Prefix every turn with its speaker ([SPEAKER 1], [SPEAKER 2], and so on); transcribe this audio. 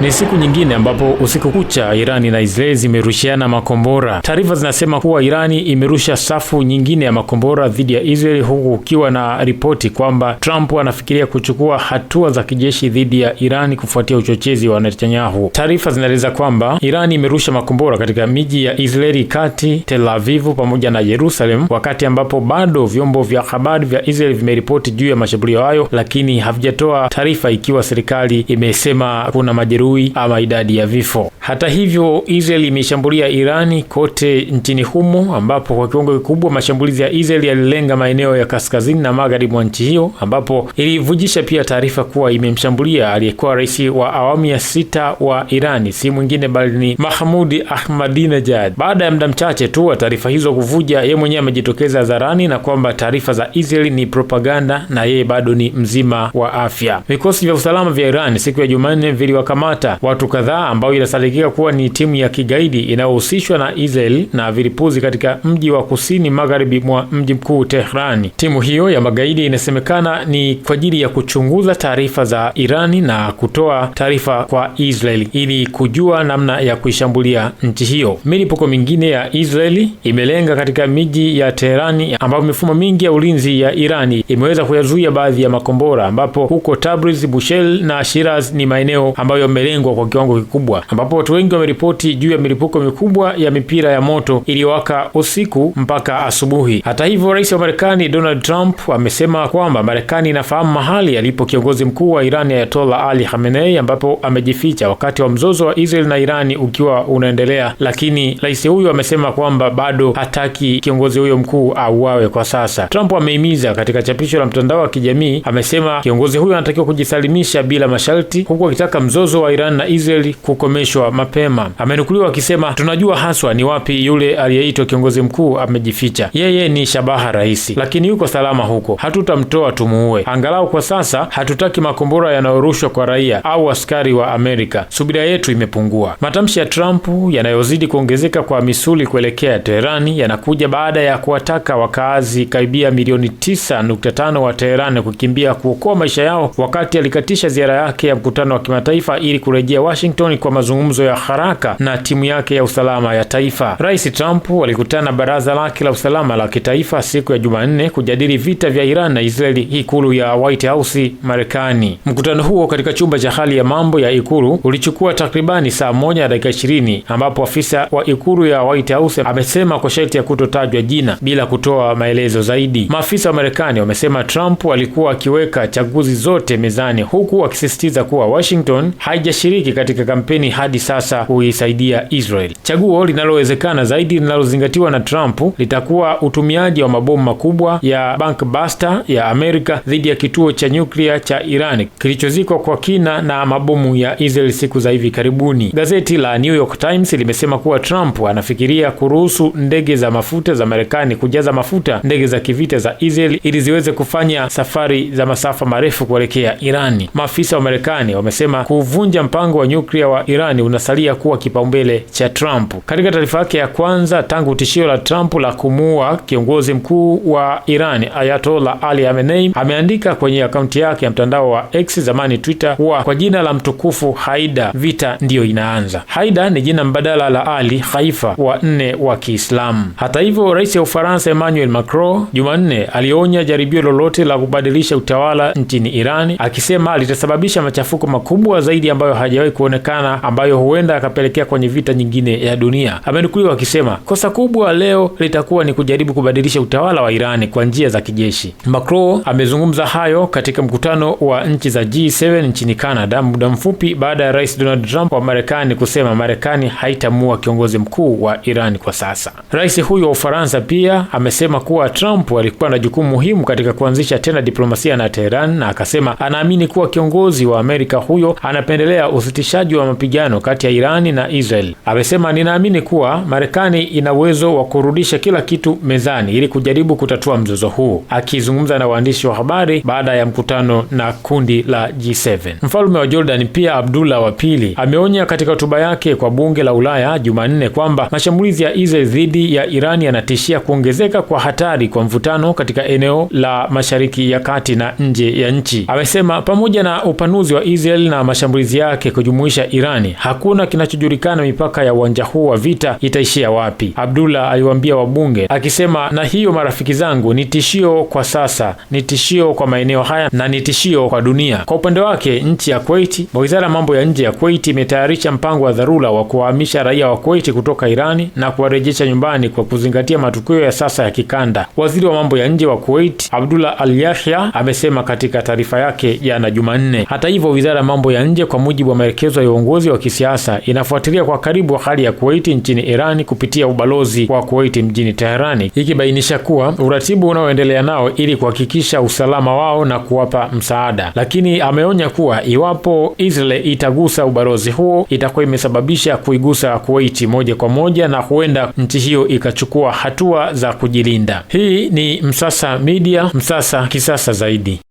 [SPEAKER 1] Ni siku nyingine ambapo usiku kucha Irani na Israeli zimerushiana makombora. Taarifa zinasema kuwa Irani imerusha safu nyingine ya makombora dhidi ya Israeli, huku ukiwa na ripoti kwamba Trump anafikiria kuchukua hatua za kijeshi dhidi ya Irani kufuatia uchochezi wa Netanyahu. Taarifa zinaeleza kwamba Irani imerusha makombora katika miji ya Israeli kati, Tel Avivu pamoja na Yerusalemu, wakati ambapo bado vyombo vya habari vya Israeli vimeripoti juu ya mashambulio hayo, lakini havijatoa taarifa ikiwa serikali imesema kuna majeruhi majeruhi ama idadi ya vifo. Hata hivyo, Israel imeshambulia Irani kote nchini humo, ambapo kwa kiwango kikubwa mashambulizi ya Israel yalilenga maeneo ya kaskazini na magharibi mwa nchi hiyo, ambapo ilivujisha pia taarifa kuwa imemshambulia aliyekuwa rais wa awamu ya sita wa Irani, si mwingine bali ni Mahmud Ahmadinejad. Baada ya muda mchache tu wa taarifa hizo kuvuja, yeye mwenyewe amejitokeza hadharani na kwamba taarifa za Israel ni propaganda na yeye bado ni mzima wa afya. Vikosi vya usalama vya Irani siku ya Jumanne viliwakamata kuwakamata watu kadhaa ambao inasadikika kuwa ni timu ya kigaidi inayohusishwa na Israel na vilipuzi katika mji wa kusini magharibi mwa mji mkuu Tehrani. Timu hiyo ya magaidi inasemekana ni kwa ajili ya kuchunguza taarifa za Irani na kutoa taarifa kwa Israeli ili kujua namna ya kuishambulia nchi hiyo. Milipuko mingine ya Israeli imelenga katika miji ya Teherani ambapo mifumo mingi ya ulinzi ya Irani imeweza kuyazuia baadhi ya makombora, ambapo huko Tabriz, Bushel na Shiraz ni maeneo ambayo imelengwa kwa kiwango kikubwa, ambapo watu wengi wameripoti juu ya milipuko mikubwa ya mipira ya moto iliyowaka usiku mpaka asubuhi. Hata hivyo, rais wa Marekani Donald Trump amesema kwamba Marekani inafahamu mahali alipo kiongozi mkuu wa Irani Ayatollah Ali Khamenei, ambapo amejificha wakati wa mzozo wa Israel na Irani ukiwa unaendelea, lakini rais huyo amesema kwamba bado hataki kiongozi huyo mkuu auawe kwa sasa. Trump amehimiza katika chapisho la mtandao wa kijamii, amesema kiongozi huyo anatakiwa kujisalimisha bila masharti, huku akitaka mzozo wa Irani Iran na Israel kukomeshwa mapema. Amenukuliwa akisema, tunajua haswa ni wapi yule aliyeitwa kiongozi mkuu amejificha. Yeye ni shabaha rahisi, lakini yuko salama huko. Hatutamtoa tumuue, angalau kwa sasa. Hatutaki makombora yanayorushwa kwa raia au askari wa Amerika. Subira yetu imepungua. Matamshi ya Trump yanayozidi kuongezeka kwa misuli kuelekea Teherani yanakuja baada ya kuwataka wakaazi karibia milioni 9.5 wa Teherani kukimbia kuokoa maisha yao, wakati alikatisha ziara yake ya mkutano wa kimataifa ili kurejea Washington kwa mazungumzo ya haraka na timu yake ya usalama ya taifa. Rais Trump alikutana baraza lake la usalama la kitaifa siku ya Jumanne kujadili vita vya Iran na Israeli, ikulu ya White House Marekani. Mkutano huo katika chumba cha hali ya mambo ya ikulu ulichukua takribani saa moja na dakika ishirini ambapo afisa wa ikulu ya White House amesema kwa sharti ya kutotajwa jina bila kutoa maelezo zaidi. Maafisa wa Marekani wamesema Trump alikuwa akiweka chaguzi zote mezani huku akisisitiza kuwa Washington haija kushiriki katika kampeni hadi sasa kuisaidia Israel. Chaguo linalowezekana zaidi linalozingatiwa na Trump litakuwa utumiaji wa mabomu makubwa ya bank buster ya Amerika dhidi ya kituo cha nyuklia cha Iran kilichozikwa kwa kina na mabomu ya Israel siku za hivi karibuni. Gazeti la New York Times limesema kuwa Trump anafikiria kuruhusu ndege za mafuta za Marekani kujaza mafuta ndege za kivita za Israel ili ziweze kufanya safari za masafa marefu kuelekea Irani. Maafisa wa Marekani wamesema kuvunja kuvunja mpango wa nyuklia wa Irani unasalia kuwa kipaumbele cha Trump. Katika taarifa yake ya kwanza tangu tishio la Trump la kumuua kiongozi mkuu wa Irani Ayatollah Ali Khamenei, ameandika kwenye akaunti yake ya mtandao wa X, zamani Twitter, kuwa kwa jina la mtukufu Haida, vita ndiyo inaanza. Haida ni jina mbadala la Ali, Khaifa wa nne wa Kiislamu. Hata hivyo, rais wa Ufaransa Emmanuel Macron Jumanne alionya jaribio lolote la kubadilisha utawala nchini Irani, akisema litasababisha machafuko makubwa zaidi ambayo ambayo hajawahi kuonekana ambayo huenda akapelekea kwenye vita nyingine ya dunia. Amenukuliwa akisema kosa kubwa leo litakuwa ni kujaribu kubadilisha utawala wa Irani kwa njia za kijeshi. Macron amezungumza hayo katika mkutano wa nchi za G7 nchini Canada muda mfupi baada ya Rais Donald Trump wa Marekani kusema Marekani haitamua kiongozi mkuu wa Irani kwa sasa. Rais huyo wa Ufaransa pia amesema kuwa Trump alikuwa na jukumu muhimu katika kuanzisha tena diplomasia na Teheran, na akasema anaamini kuwa kiongozi wa Amerika huyo anapendelea ya usitishaji wa mapigano kati ya Irani na Israel. Amesema, ninaamini kuwa Marekani ina uwezo wa kurudisha kila kitu mezani ili kujaribu kutatua mzozo huu. Akizungumza na waandishi wa habari baada ya mkutano na kundi la G7, mfalme wa Jordan pia Abdullah wa pili ameonya katika hotuba yake kwa bunge la Ulaya Jumanne kwamba mashambulizi ya Israel dhidi ya Irani yanatishia kuongezeka kwa hatari kwa mvutano katika eneo la Mashariki ya Kati na nje ya nchi. Amesema pamoja na upanuzi wa Israel na mashambulizi yake kujumuisha Irani, hakuna kinachojulikana mipaka ya uwanja huu wa vita itaishia wapi, Abdullah aliwaambia wabunge akisema, na hiyo marafiki zangu, ni tishio kwa sasa, ni tishio kwa maeneo haya na ni tishio kwa dunia. Kwa upande wake, nchi ya Kuwait, wizara ya mambo ya nje ya Kuwait imetayarisha mpango wa dharura wa kuwahamisha raia wa Kuwait kutoka Irani na kuwarejesha nyumbani kwa kuzingatia matukio ya sasa ya kikanda. Waziri wa mambo ya nje wa Kuwait Abdullah Al Yahya amesema katika taarifa yake jana Jumanne. Hata hivyo, wizara ya mambo ya nje kwa mujibu mujibu wa maelekezo ya uongozi wa kisiasa, inafuatilia kwa karibu hali ya Kuwaiti nchini Iran kupitia ubalozi wa Kuwaiti mjini Teherani, ikibainisha kuwa uratibu unaoendelea nao ili kuhakikisha usalama wao na kuwapa msaada, lakini ameonya kuwa iwapo Israel itagusa ubalozi huo itakuwa imesababisha kuigusa Kuwaiti moja kwa moja na huenda nchi hiyo ikachukua hatua za kujilinda. Hii ni Msasa Media, Msasa kisasa zaidi.